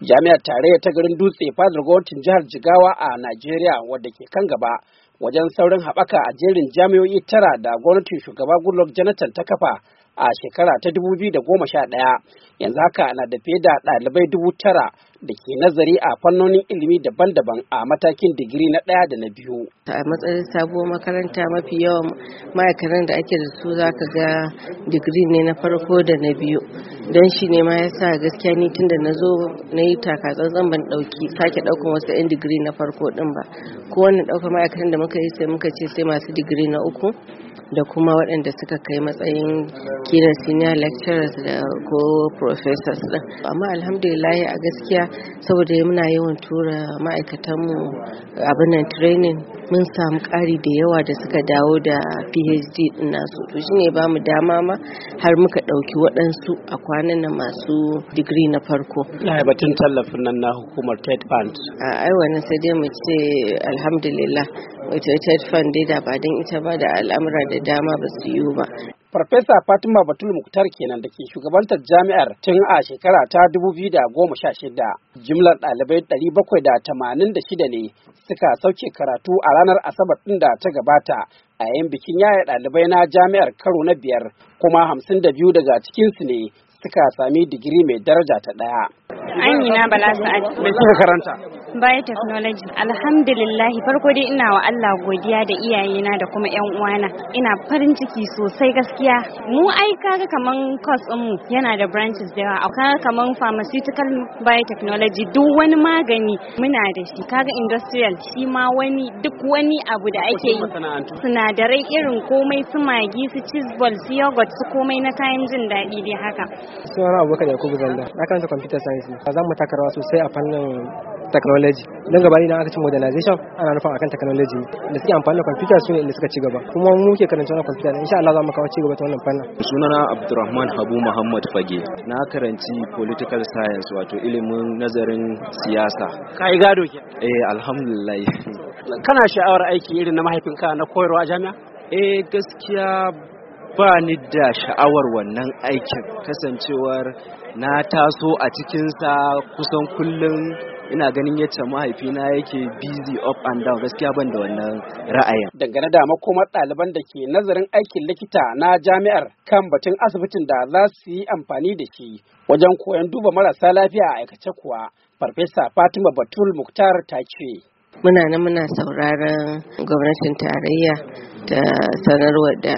jami'ar tarayya ta garin dutse fadar gwamnatin jihar jigawa a najeriya wadda ke kan gaba wajen saurin haɓaka a jerin jami'o'i tara da gwamnatin shugaba goodluck jonathan ta kafa a shekara ta 2011 yanzu haka na da fiye da ɗalibai dubu tara da ke nazari a fannonin ilimi daban-daban a matakin digiri na ɗaya da na biyu. A matsayin sabuwar makaranta mafi yawan ma'aikatan da ake da su za ka ga digiri ne na farko da na biyu. Don shi ne ma ya sa gaskiya ni tun da na zo na yi takatsantsan ban ɗauki sake ɗaukan wasu 'yan digiri na farko ɗin ba. ko Kowane ɗaukar ma'aikatan da muka yi sai muka ce sai masu digiri na uku. da kuma waɗanda suka kai matsayin kiran senior lecturers da ko professors ɗin. amma alhamdulillah a gaskiya saboda muna yawan tura ma'aikatanmu abin nan training mun samu ƙari da yawa da suka dawo da phd nasu to shine ba mu dama ma har muka ɗauki waɗansu a kwanan na masu digiri na farko na batun tallafin nan na hukumar ted fund a ai sai dai mu ce alhamdulillah wato ted fund dai da ba don ita ba da al'amura da dama ba su yiwu ba Farfesa Fatima Batul Muktar kenan da ke shugabantar jami'ar tun a shekara ta 2016. Jimlar ɗalibai 786 ne suka sauke karatu a ranar Asabar ɗin da ta gabata a yayin bikin yaya ɗalibai na jami'ar karo na biyar kuma 52 daga cikinsu ne suka sami digiri mai daraja ta ɗaya. An yi na karanta? technology, alhamdulillah farko dai ina wa Allah godiya da iyayena da kuma yan uwana ina farin ciki sosai gaskiya mu ai kaga kaman course din mu yana da branches da yawa kaga kaman pharmaceutical biotechnology duk wani magani muna da shi kaga industrial shi ma wani duk wani abu da ake yi sinadarai irin komai su magi su cheese ball su yogurt su komai na kayan jin daɗi dai haka sunana abubakar yakubu zanda na karanta computer science ba za mu taka rawa sosai a fannin technology technology nan gaba idan aka ci modernization ana nufin akan technology da suke amfani da computer su ne da suka ci gaba kuma mu ke karanta na computer insha Allah za mu kawo ci gaba ta wannan fannin sunana Abdulrahman Habu Muhammad Fage na karanci political science wato ilimin nazarin siyasa kai gado ke eh alhamdulillah kana sha'awar aiki irin na mahaifinka na koyarwa a jami'a eh gaskiya ba ni da sha'awar wannan aikin kasancewar na taso a cikinsa kusan kullum ina ganin yadda mahaifina yake busy up and down gaskiya ban da wannan ra'ayin dangane da makomar ɗaliban da ke nazarin aikin likita na jami'ar kan batun asibitin da za su yi amfani da shi wajen koyon duba marasa lafiya a aikace kuwa farfesa fatima batul muktar ta ce muna nan muna sauraron gwamnatin tarayya ta sanarwa da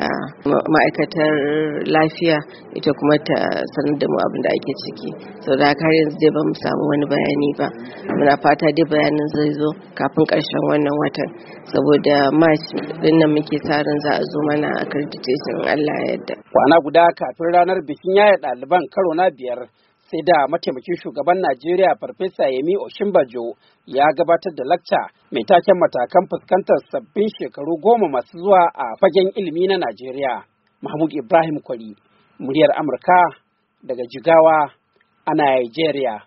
ma'aikatar lafiya ita kuma ta sanar da mu abin da ake ciki sau da har yanzu dai ba mu samu wani bayani ba muna fata dai bayanin zai zo kafin karshen wannan watan saboda march din nan muke tsarin za a zo mana a accreditation Allah ya yarda kwana guda kafin ranar bikin yaya ɗaliban karo na biyar sai da mataimakin shugaban Najeriya Farfesa Yemi Oshimbajo ya gabatar da lakca mai taken matakan fuskantar sabbin shekaru goma masu zuwa a fagen ilimi na Najeriya. Mahmud Ibrahim Kwari, muryar Amurka daga Jigawa a Najeriya.